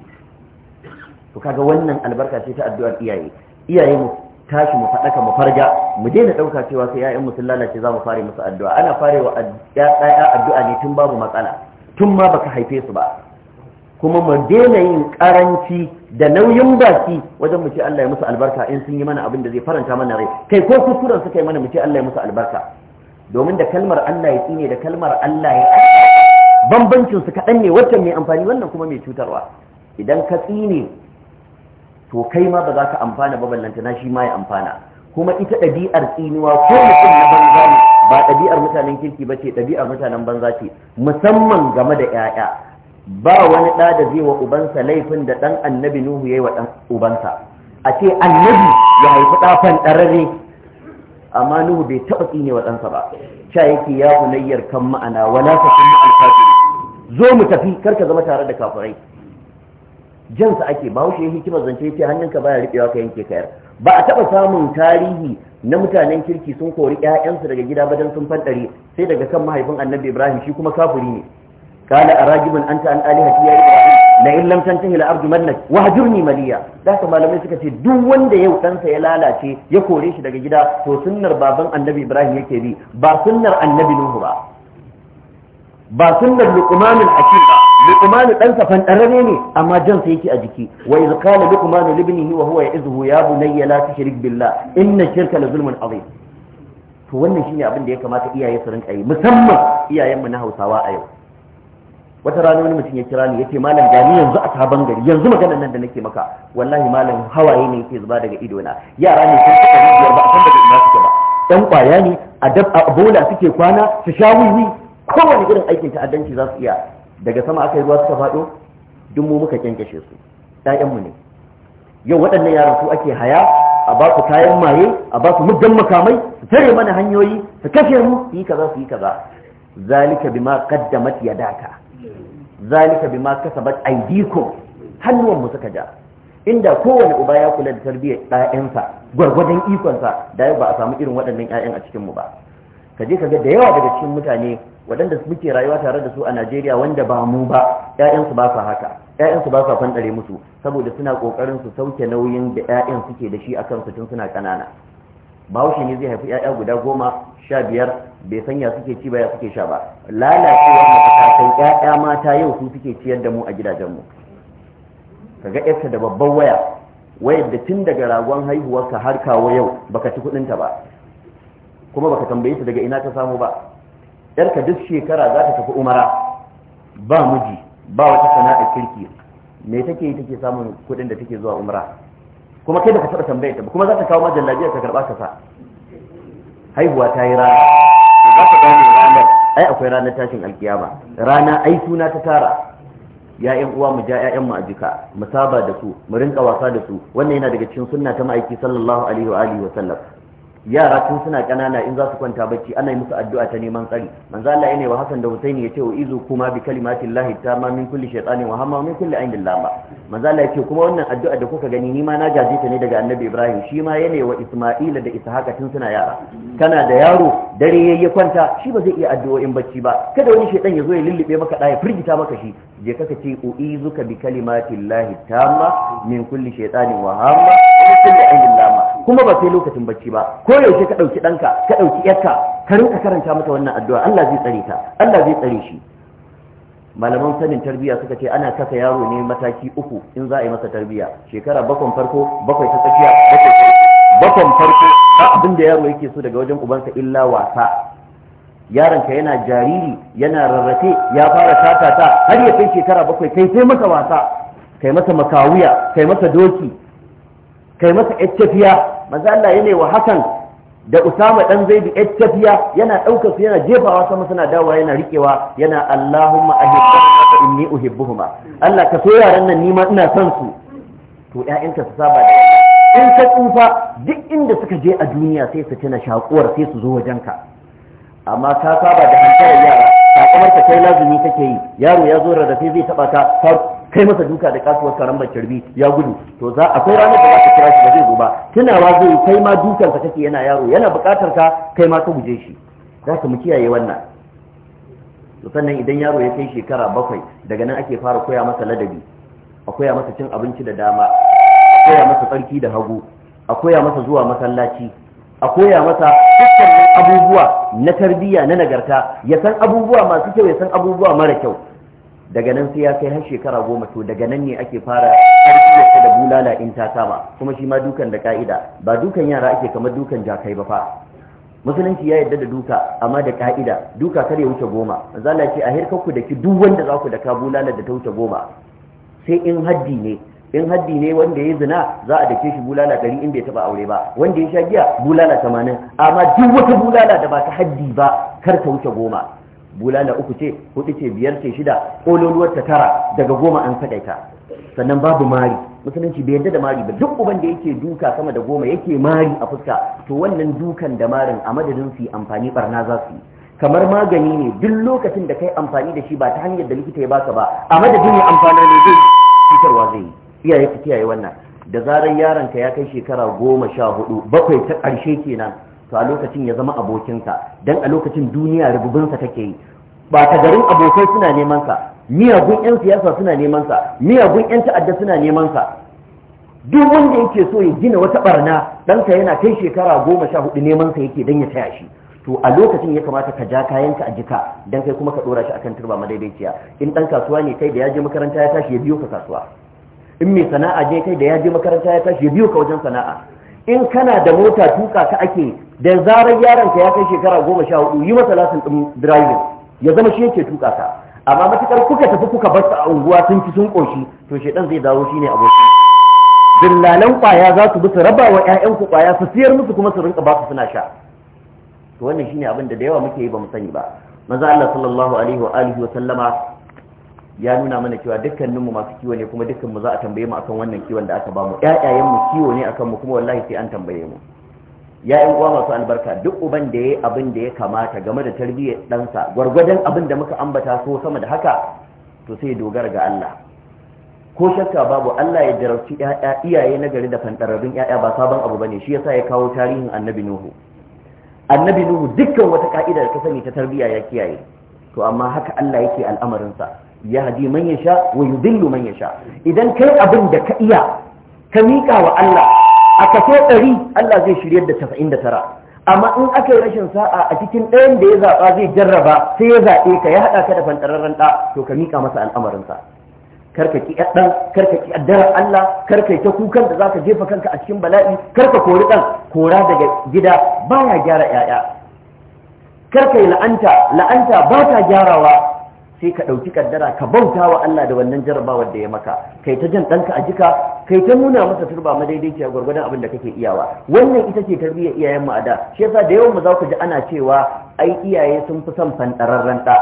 to kaga wannan albarka ce ta addu'ar iyaye iyaye mu tashi mu faɗaka mu farga mu daina ɗauka cewa sai ƴaƴan sun lalace za mu fare musu addu'a ana farewa ƴaƴa addu'a ne tun babu matsala tun ma baka haife su ba kuma mu daina yin karanci da nauyin baki wajen mu ce Allah ya musu albarka in sun yi mana abin da zai faranta mana rai kai ko kuskuren suka yi mana mu ce Allah ya musu albarka domin da kalmar Allah ya tsine da kalmar Allah ya bambancin su kaɗan ne wacce mai amfani wannan kuma mai cutarwa idan ka tsine to kai ma ba za ka amfana ba ballantana shi ma ya amfana kuma ita ɗabi'ar tsinuwa ko mutum na banza ne ba ɗabi'ar mutanen kirki ba ce ɗabi'ar mutanen banza ce musamman game da 'ya'ya ba wani ɗa da zai wa ubansa laifin da ɗan annabi nuhu ya yi wa ɗan ubansa a ce annabi ya haifi ɗafan ɗarare amma nuhu bai taɓa tsine wa ɗansa ba sha yake ya bunayyar kan ma'ana wala ta kuma zo mu tafi karka zama tare da kafirai jansa ake ba haushe hikimar zance yace hannunka baya riƙewa ka yanke kayar ba a taɓa samun tarihi na mutanen kirki sun kori ƴaƴansu daga gida badan sun fantare sai daga kan mahaifin annabi ibrahim shi kuma kafuri ne kana arajibun anta an alihati ya ibrahim la in lam tantahi la arju mannak wa maliya da malamai suka ce duk wanda yau ɗansa ya lalace ya kore shi daga gida to sunnar baban annabi ibrahim yake bi ba sunnar annabi nuhu ba ba sunnar luqmanul hakim ba luqman ɗansa sa ne amma jan sa yake a jiki wa iz qala luqman li ibnihi wa huwa ya'izuhu ya bunayya la tushrik billah inna shirka la zulmun azim to wannan shine abin da ya kamata iyaye su rinka yi musamman iyayenmu na Hausawa a yau wata rana wani mutum ya kira ni yace malam gani yanzu a sabon gari yanzu magana nan da nake maka wallahi malam hawaye ne ke zuba daga ido na yara ne sun suka rijiyar ba a san daga ina suke ba dan kwaya ne a dab a bola suke kwana su sha wiwi kowane irin aikin ta'addanci za su iya daga sama aka yi ruwa suka faɗo duk mu muka kyankyashe su ɗayanmu ne yau waɗannan yaran su ake haya a ba su kayan maye a ba su muddan makamai su tare mana hanyoyi su kashe mu su yi kaza su yi kaza zalika bima qaddamat yadaka zalika bima kasabat aydikum hannuwan mu suka ja inda kowane uba ya kula da tarbiyyar ɗayansa gwargwadon ikonsa da ba a samu irin waɗannan ƴaƴan a cikin mu ba ka je ka ga da yawa daga cikin mutane waɗanda muke rayuwa tare da su a Najeriya wanda ba mu ba ƴaƴansu ba su haka ƴaƴansu ba su fandare musu saboda suna kokarin su sauke nauyin da ƴaƴan suke da shi akan su tun suna kanana bahaushe ne zai haifi ƴaƴa guda goma sha biyar bai san ya suke ci ba ya suke sha ba lalacewa matakan ƴaƴa mata yau su suke ciyar da mu a gidajenmu ga ƴarta da babban waya wayar da tun daga ragon haihuwarka har kawo yau baka ci kuɗinta ba kuma baka tambaye su daga ina ta samu ba yarka duk shekara za ta tafi umara ba miji ba wata sana'ar kirki me take yi take samun kuɗin da take zuwa umara kuma kai baka taɓa tambayar ta kuma za ta kawo jallabiya ta karɓa ka sa haihuwa ta yi rana za ta gane ranar ai akwai ranar tashin alkiyama rana ai suna ta tara ya'yan uwa mu ja ya'yan mu a jika mu saba da su mu rinka wasa da su wannan yana daga cikin sunna ta ma'aiki sallallahu alaihi wa alihi wa sallam yara tun suna ƙanana in za su kwanta bacci ana yi musu addu'a ta neman tsari manzo Allah yana wa Hassan da ya ce wa izu kuma bi kalimatillahi tamma min kulli shaytanin wa hamma min kulli ainin lama manzo Allah ce, kuma wannan addu'a da kuka gani ni ma na gaje ta ne daga Annabi Ibrahim shi ma yana wa Isma'ila da Ishaq tun suna yara kana da yaro dare yayi kwanta shi ba zai iya addu'o'in bacci ba kada wani shaytan ya zo ya lullube maka da ya firgita maka shi je kaka ce ka bi kalimatillahi tamma min kulli shaytanin wa hamma min kulli ainin lama kuma ba sai lokacin bacci ba ko yaushe ka ɗauki ɗanka ka ɗauki yarka ka rinka karanta mata wannan addu'a Allah zai tsare ta Allah zai tsare shi malaman sanin tarbiyya suka ce ana kasa yaro ne mataki uku in za a yi masa tarbiyya shekara bakon farko bakwai ta tsakiya bakwai farko. bakon farko ba abin da yaro yake so daga wajen ubansa illa wasa yaronka yana jariri yana rarrafe ya fara tatata har ya kai shekara bakwai kai sai masa wasa kai masa makawuya kai masa doki kai masa yattafiya manzo Allah yana wa hakan da Usama dan Zaid ƴaccafiya yana daukar su yana jefawa sama suna dawowa yana riƙewa yana Allahumma ahibbuhuma inni uhibbuhuma Allah ka so yaran nan ni ma ina son su to ƴaƴanka su saba da in ka tsufa duk inda suka je a duniya sai su tuna shakuwar sai su zo wajenka amma ka saba da hankalar yara sakamar ka kai lazumi kake yi yaro ya zo rarrafe zai taba ka kai masa duka da kasuwar karambar kirbi ya gudu to za akwai ranar da ka kira shi ba zai zo ba tunawa zai kai ma dukan ka kake yana yaro yana bukatar ka kai ma ka guje shi za ka mu kiyaye wannan to sannan idan yaro ya kai shekara bakwai daga nan ake fara koya masa ladabi a koya masa cin abinci da dama a koya masa tsarki da hagu a koya masa zuwa masallaci a koya masa dukkan abubuwa na tarbiyya na nagarta ya san abubuwa masu kyau ya san abubuwa mara kyau daga nan sai ya kai har shekara goma to daga nan ne ake fara karfiyarsa da bulala in ta kama kuma shi ma dukan da ka'ida ba dukan yara ake kamar dukan jakai ba fa musulunci ya yarda da duka amma da ka'ida duka kar ya wuce goma zalla ce a ku da ki duk wanda za ku da ka bulala da ta wuce goma sai in haddi ne in haddi ne wanda ya zina za a dake shi bulala ɗari in bai taba aure ba wanda ya sha giya bulala tamanin amma duk wata bulala da ba ta haddi ba kar ta wuce goma bulala uku ce hudu ce biyar ce shida kololuwar ta tara daga goma an sakaita sannan babu mari musulunci bai yadda da mari ba duk uban da yake duka sama da goma yake mari a fuska to wannan dukan da marin a madadin su amfani barna za su yi kamar magani ne duk lokacin da kai amfani da shi ba ta hanyar da likita ya baka ba a madadin ya amfana ne zai cutarwa zai yi iyaye ku wannan da zarar yaron ka ya kai shekara goma sha hudu bakwai ta ƙarshe kenan to a lokacin ya zama abokinsa don a lokacin duniya rububinsa take yi ba ta garin abokai suna neman sa miyagun yan siyasa suna neman sa miyagun yan ta'adda suna neman sa duk wanda yake so ya gina wata barna ɗanka yana kai shekara goma sha hudu neman sa yake dan ya taya shi to a lokacin ya kamata ka ja kayanka a jika dan kai kuma ka dora shi akan turba madaidaiciya in dan kasuwa ne kai da ya je makaranta ya tashi ya biyo ka kasuwa in mai sana'a je kai da ya je makaranta ya tashi ya biyo ka wajen sana'a in kana da mota tuka ka ake da zarar yaron ka ya kai shekara goma sha hudu yi masa lasin ɗin driving ya zama shi yake tuka ka amma matukar kuka tafi kuka bar a unguwa sun ci sun koshi to shedan zai dawo shine abokin dillalan kwaya za su bi su raba wa ƴaƴan ku kwaya su siyar musu kuma su rinka ba su suna sha to wannan shine abin da da yawa muke yi ba mu sani ba manzo Allah sallallahu alaihi wa alihi wa sallama ya nuna mana cewa dukkaninmu masu kiwo ne kuma mu za a tambaye mu akan wannan kiwon da aka ba mu ƴaƴayen mu kiwo ne akan mu kuma wallahi sai an tambaye mu ya yi uwa masu albarka duk uban da ya yi abin da ya kamata game da tarbiyyar ɗansa gwargwadon abin da muka ambata so sama da haka to sai dogara ga Allah ko shakka babu Allah ya jarabci 'yaya iyaye na gari da fantararrun ‘ya'ya ba sabon abu bane, shi yasa ya kawo tarihin annabi nuhu annabi nuhu dukkan wata ka'ida da ka sani ta tarbiyya ya kiyaye to amma haka Allah yake al'amarinsa ya hadi man yasha sha wa yudillu man ya sha idan kai abin da ka iya ka miƙa wa Allah a kaso ɗari Allah zai shiryar da casa'in da tara amma in aka yi rashin sa'a a cikin ɗayan da ya zaɓa zai jarraba sai ya zaɓe ka ya haɗa ka da fantararren ɗa to ka miƙa masa al'amarinsa karka ki ɗan karka ki addarar Allah karka ta kukan da zaka jefa kanka a cikin bala'i karka kori ɗan kora daga gida baya gyara 'ya'ya. karka yi la'anta la'anta ba ta gyarawa sai ka ɗauki ƙaddara ka bauta wa Allah da wannan jarabawar da ya maka kai ta jan ɗanka a jika kai ta nuna masa turba madaidaiciya gwargwadon abin da kake iyawa wannan ita ce tarbiyyar iyayen mu a da shi yasa da yawan mu za ku ji ana cewa ai iyaye sun fi son fantararren ɗa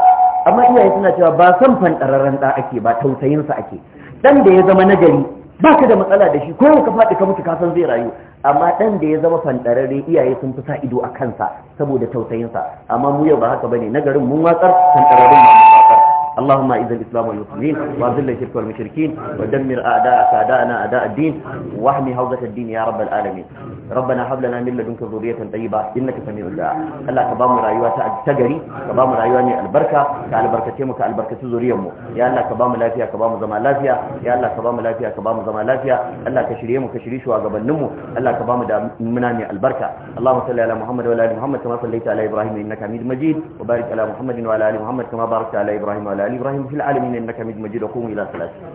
amma iyaye suna cewa ba son fantararren ɗa ake ba tausayinsa ake dan da ya zama nagari baka da matsala da shi ko ka faɗi ka mutu ka san zai rayu amma ɗan da ya zama fantararre iyaye sun fi sa ido a kansa saboda tausayinsa amma mu yau ba haka bane nagarin mun watsar fantararren اللهم اعز الاسلام والمسلمين واذل الشرك والمشركين ودمر اعداءك اعداءنا اعداء الدين واحمي حوزه الدين يا رب العالمين ربنا هب لنا من لدنك ذريه طيبه انك سميع الدعاء الله كبام رايوه تجري كبام رايوه ني البركه كالبركه مك البركه ذريتنا يا الله كبام لافيا كبام زما لافيا يا الله كبام لافيا كبام زما لافيا الله كشريه مو كشري شو غبنمو الله كبام دا منا ني البركه اللهم صل على محمد وعلى ال محمد كما صليت على ابراهيم انك حميد مجيد وبارك على محمد وعلى ال محمد كما باركت على ابراهيم وعلى على آل إبراهيم في العالمين إنك مجيد وقوم إلى ثلاثه